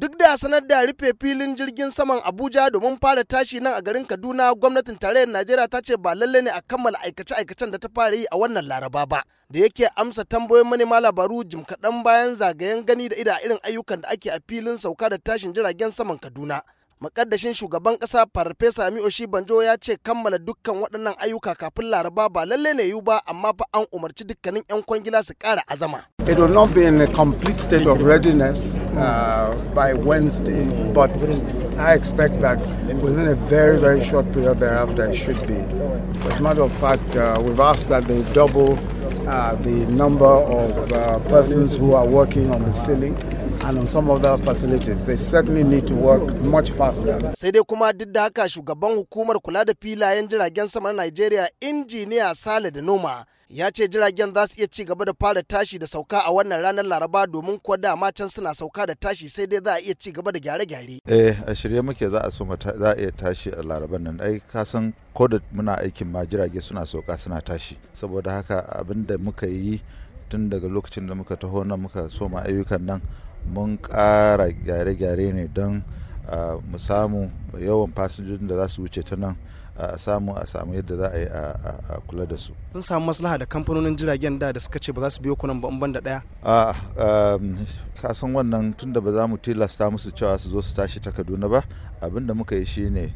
duk da sanar da rufe filin jirgin saman abuja domin fara tashi nan a garin kaduna gwamnatin tarayyar najeriya ta ce ba lalle ne a kammala aikace-aikacen da ta fara yi a wannan laraba ba da yake amsa tambayoyin manema labaru jim kaɗan bayan zagayen gani da ida irin ayyukan da ake a filin sauka da tashin jiragen saman kaduna makaddashin shugaban kasa farfesa mioshi oshi banjo ya ce kammala dukkan waɗannan ayyuka kafin laraba ba lalle ne yiwu ba amma fa an umarci dukkanin 'yan kwangila su ƙara azama it will not be in a complete state of readiness uh, by wednesday but i expect that within a very very short period thereafter it should be as a matter of fact uh, we've asked that they double uh, the number of uh, persons who are working on the ceiling and on some of the facilities. They certainly need to work much faster. Sai dai kuma duk da haka shugaban hukumar kula da filayen jiragen sama na Najeriya injiniya Sale da Noma ya ce jiragen za su iya ci gaba da fara tashi da sauka a wannan ranar Laraba domin kuwa ma can suna sauka da tashi sai dai za a iya ci gaba da gyare-gyare. Eh a shirye muke za a so za a iya tashi a Laraban nan ai ka san ko da muna aikin ma jirage suna sauka suna tashi saboda haka abin da muka yi tun daga lokacin da muka taho nan muka soma ayyukan nan mun ƙara gyare-gyare ne don mu samu yawan fasinjojin da za su wuce ta nan a samu a samu yadda za a yi a kula da su. Sun samu maslaha da kamfanonin jiragen da da suka ce ba za su biyo kunan ba ban da ɗaya? Um, ka san wannan tun da ba za mu tilasta musu cewa su zo su tashi ta Kaduna ba abin da muka yi shi ne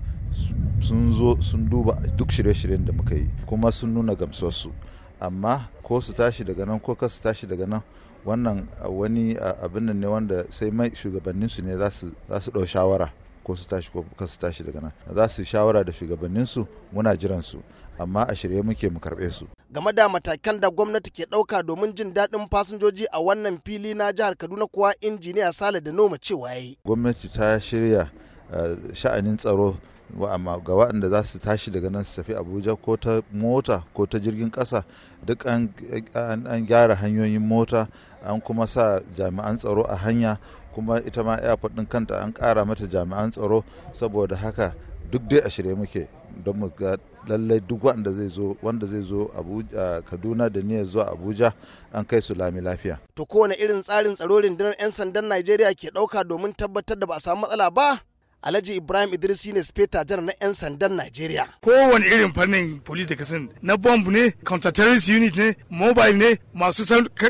sun zo sun duba duk shirye-shiryen da muka yi kuma sun nuna gamsuwarsu. amma ko su tashi daga nan ko kasu tashi daga nan wannan wani abin nan ne wanda sai mai shugabanninsu ne za su ɗau shawara ko su tashi ko kasu tashi daga nan za su shawara da shugabanninsu muna jiran su amma a shirye muke mu karɓe su game da matakan da gwamnati ke ɗauka domin jin daɗin fasinjoji a wannan fili na jihar kaduna kuwa injiniya sale da noma cewa yayi gwamnati ta shirya sha'anin tsaro amma ga waɗanda za su tashi daga nan su tafi abuja ko ta mota ko ta jirgin ƙasa duk an gyara hanyoyin mota an kuma sa jami'an tsaro a hanya kuma ita ma y'a ɗin kanta an ƙara mata jami'an tsaro saboda haka duk dai a shirye muke don mu ga lallai duk wanda zai zo wanda zai zo kaduna da niyyar zuwa abuja an kai su lami lafiya to kowane irin tsarin tsaro rundunar 'yan sandan najeriya ke ɗauka domin tabbatar da ba a samu matsala ba Alhaji Ibrahim Idris shine speta jana na 'yan sandan Najeriya. Kowane irin fannin police da kasan na bomb ne, counter-terrorist unit ne, mobile ne, masu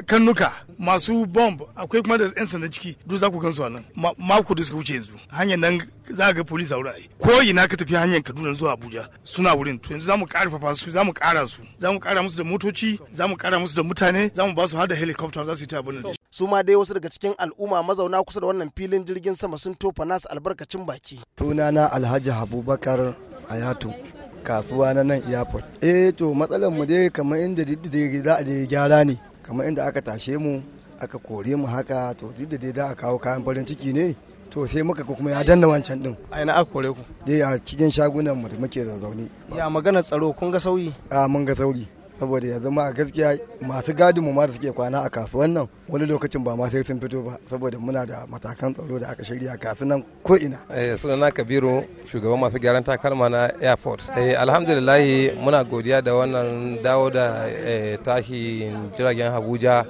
kanuka. masu bomb, akwai kuma da 'yan sandan ciki duk za ku gansu a nan. Mako da suka wuce yanzu. Hanyar nan za ga police a wurare. Ko ina ka tafi hanyar Kaduna zuwa Abuja suna wurin. To yanzu za mu karfafa su, za mu kara su, za mu kara musu da motoci, za mu kara musu da mutane, za mu ba su har da helicopter za su yi ta abin su ma dai wasu daga cikin al'umma mazauna kusa da wannan filin jirgin sama sun tofa nasu albarkacin baki sunana alhaji habubakar ayatu kasuwa na nan airport eh to matsalar mu dai kamar inda za a da gyara ne kamar inda aka tashe mu aka kore mu haka to duk da dai za a kawo kayan farin ciki ne to sai muka ko kuma ya danna wancan din a ina aka kore ku dai a cikin shagunan mu da muke da zaune ya magana tsaro kun ga sauyi a ah, mun ga sauri saboda yanzu ma gaskiya masu gadin mu ma da suke kwana a kasuwan nan wani lokacin ba ma sai sun fito ba saboda muna da matakan tsaro da aka shirya kasu nan ko ina eh sunana Kabiru shugaban masu gyaran takalma na airport eh alhamdulillah muna godiya da wannan dawo da eh, tashin jiragen Abuja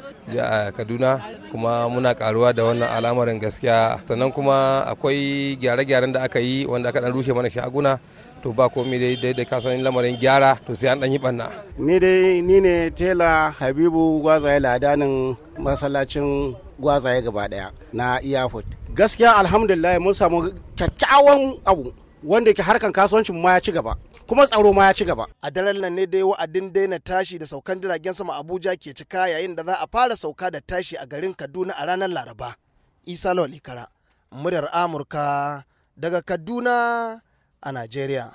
Kaduna kuma muna karuwa da wannan al'amarin gaskiya sannan kuma akwai gyare-gyaren da aka yi wanda aka dan rushe mana shaguna to ba komai dai da kasan lamarin gyara to sai an dan yi banna ni dai ni ne tela habibu gwazaye ladanin masallacin gwazaye gaba daya na iyafut gaskiya alhamdulillah mun samu kyakkyawan abu wanda ke harkan kasuwancin ma ya ci gaba kuma tsaro ma ya ci gaba. A daren nan ne dai wa'adin daina tashi da saukan jiragen sama Abuja ke cika yayin da za a fara sauka da tashi a garin Kaduna a ranar Laraba. Isa Lolikara, muryar Amurka daga Kaduna a Najeriya.